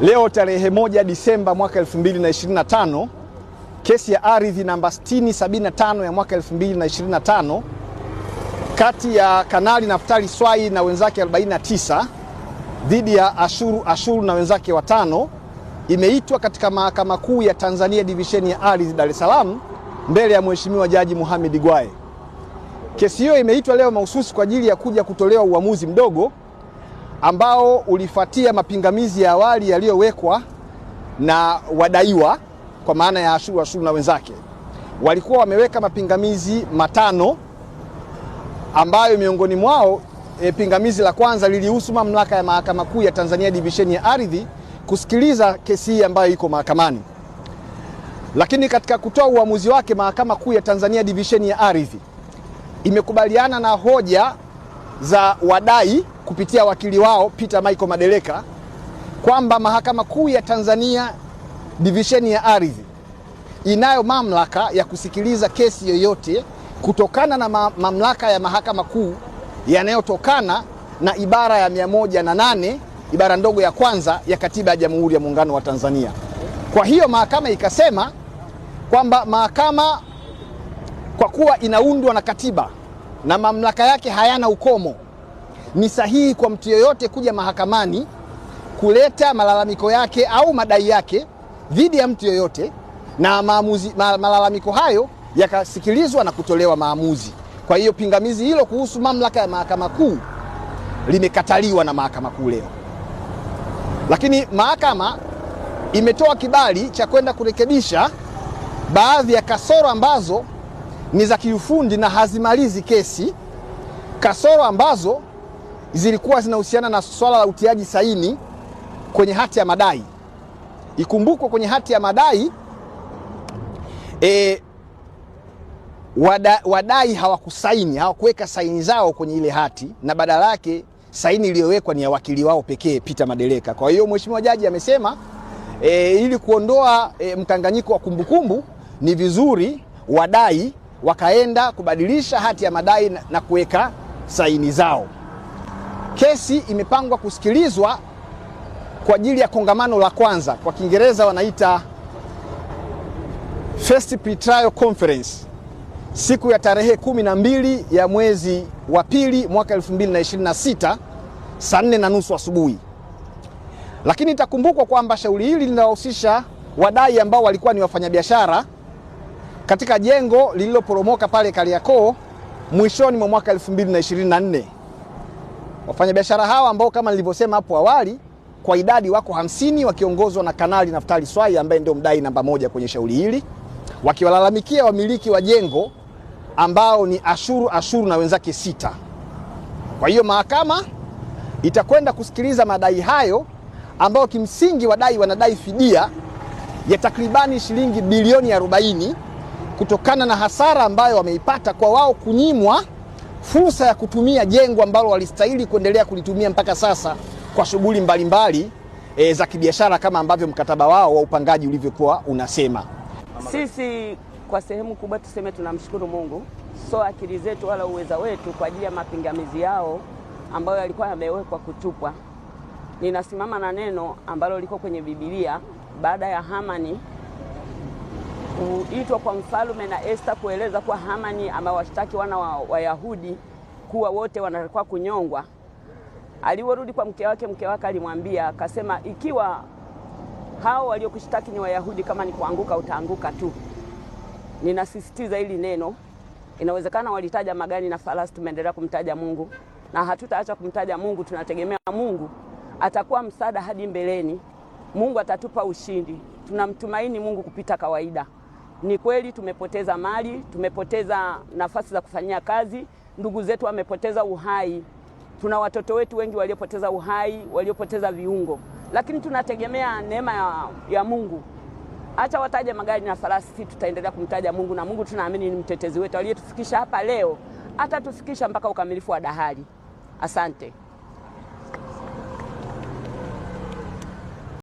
Leo tarehe moja Disemba mwaka 2025 kesi ya ardhi namba 6075 ya mwaka 2025 kati ya Kanali Naftali Swai na wenzake 49 dhidi ya Ashuru Ashuru na wenzake watano imeitwa katika Mahakama Kuu ya Tanzania divisheni ya ardhi Dar es Salaam mbele ya Mheshimiwa Jaji Muhammad Gwaye. Kesi hiyo imeitwa leo mahususi kwa ajili ya kuja kutolewa uamuzi mdogo ambao ulifuatia mapingamizi ya awali yaliyowekwa na wadaiwa kwa maana ya Ashuru Ashuru na wenzake. Walikuwa wameweka mapingamizi matano ambayo miongoni mwao e, pingamizi la kwanza lilihusu mamlaka ya Mahakama Kuu ya Tanzania divisheni ya ardhi kusikiliza kesi hii ambayo iko mahakamani. Lakini katika kutoa uamuzi wake, Mahakama Kuu ya Tanzania divisheni ya ardhi imekubaliana na hoja za wadai kupitia wakili wao Peter Michael Madeleka kwamba Mahakama Kuu ya Tanzania divisheni ya ardhi inayo mamlaka ya kusikiliza kesi yoyote kutokana na ma mamlaka ya Mahakama Kuu yanayotokana na ibara ya 108 na ibara ndogo ya kwanza ya Katiba ya Jamhuri ya Muungano wa Tanzania. Kwa hiyo mahakama ikasema kwamba mahakama kwa kuwa inaundwa na katiba na mamlaka yake hayana ukomo ni sahihi kwa mtu yoyote kuja mahakamani kuleta malalamiko yake au madai yake dhidi ya mtu yoyote na maamuzi, malalamiko hayo yakasikilizwa na kutolewa maamuzi. Kwa hiyo pingamizi hilo kuhusu mamlaka ya mahakama kuu limekataliwa na mahakama kuu leo, lakini mahakama imetoa kibali cha kwenda kurekebisha baadhi ya kasoro ambazo ni za kiufundi na hazimalizi kesi, kasoro ambazo zilikuwa zinahusiana na swala la utiaji saini kwenye hati ya madai. Ikumbukwe kwenye hati ya madai e, wada, wadai hawakusaini, hawakuweka saini zao kwenye ile hati, na badala yake saini iliyowekwa ni ya wakili wao pekee Peter Madeleka. Kwa hiyo mheshimiwa jaji amesema e, ili kuondoa e, mkanganyiko wa kumbukumbu ni vizuri wadai wakaenda kubadilisha hati ya madai na, na kuweka saini zao. Kesi imepangwa kusikilizwa kwa ajili ya kongamano la kwanza, kwa Kiingereza wanaita First pretrial Conference, siku ya tarehe 12 ya mwezi wa pili mwaka 2026 saa nne na nusu asubuhi. Lakini itakumbukwa kwamba shauri hili linawahusisha wadai ambao walikuwa ni wafanyabiashara katika jengo lililoporomoka pale Kariakoo mwishoni mwa mwaka 2024. Wafanyabiashara hawa ambao kama nilivyosema hapo awali kwa idadi wako hamsini wakiongozwa na Kanali Naftali Swai ambaye ndio mdai namba moja kwenye shauri hili, wakiwalalamikia wamiliki wa jengo ambao ni Ashuru Ashuru na wenzake sita. Kwa hiyo mahakama itakwenda kusikiliza madai hayo ambayo kimsingi wadai wanadai fidia ya takribani shilingi bilioni 40 kutokana na hasara ambayo wameipata kwa wao kunyimwa fursa ya kutumia jengo ambalo walistahili kuendelea kulitumia mpaka sasa kwa shughuli mbalimbali e, za kibiashara kama ambavyo mkataba wao wa upangaji ulivyokuwa unasema. Sisi kwa sehemu kubwa tuseme tunamshukuru Mungu, so akili zetu wala uweza wetu kwa ajili ya mapingamizi yao ambayo yalikuwa yamewekwa kutupwa. Ninasimama na neno ambalo liko kwenye Biblia baada ya Hamani kuitwa kwa mfalme na Esta kueleza kuwa Hamani amewashtaki wana wa Wayahudi kuwa wote wanatakiwa kunyongwa. Aliporudi kwa mke wake, mke wake alimwambia akasema, ikiwa hao waliokushtaki ni Wayahudi, kama ni kuanguka utaanguka tu. Ninasisitiza hili neno. Inawezekana walitaja magari na farasi, tumeendelea kumtaja Mungu na hatutaacha kumtaja Mungu. Tunategemea Mungu atakuwa msaada hadi mbeleni. Mungu atatupa ushindi. Tunamtumaini Mungu kupita kawaida. Ni kweli tumepoteza mali, tumepoteza nafasi za kufanyia kazi, ndugu zetu wamepoteza uhai, tuna watoto wetu wengi waliopoteza uhai, waliopoteza viungo, lakini tunategemea neema ya, ya Mungu. Acha wataja magari na farasi, tutaendelea kumtaja Mungu na Mungu tunaamini ni mtetezi wetu aliyetufikisha hapa leo, atatufikisha mpaka ukamilifu wa dahari. Asante.